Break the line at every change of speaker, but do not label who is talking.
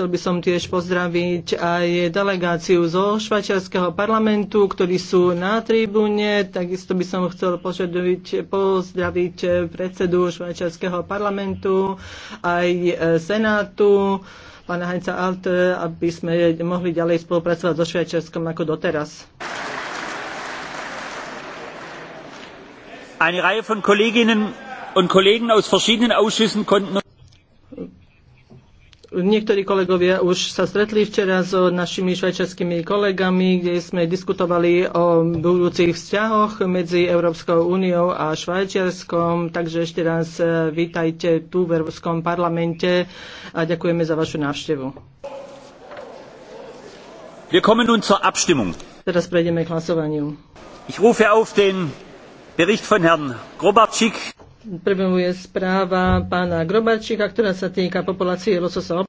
Chcel by som tiež pozdraviť aj delegáciu zo švajčiarského parlamentu, ktorí sú na tribúne. Takisto by som chcel požadoviť, pozdraviť predsedu švajčiarského parlamentu, aj e, senátu, pána Heinza Alt, aby sme mohli ďalej spolupracovať so Švajčiarskom ako doteraz.
Eine Reihe von Kolleginnen und Kollegen aus verschiedenen Ausschüssen konnten Niektorí
kolegovia už sa stretli včera s našimi švajčiarskými kolegami, kde sme diskutovali o budúcich vzťahoch medzi Európskou úniou a Švajčiarskom. Takže ešte raz eh, vítajte tu v Európskom parlamente a ďakujeme za vašu návštevu.
Wir kommen nun zur Abstimmung.
Teraz prejdeme k
hlasovaniu. Ich rufe auf den Bericht von Herrn Grobarczyk.
Prvou je správa pána Grobarčíka, ktorá sa týka populácie lososa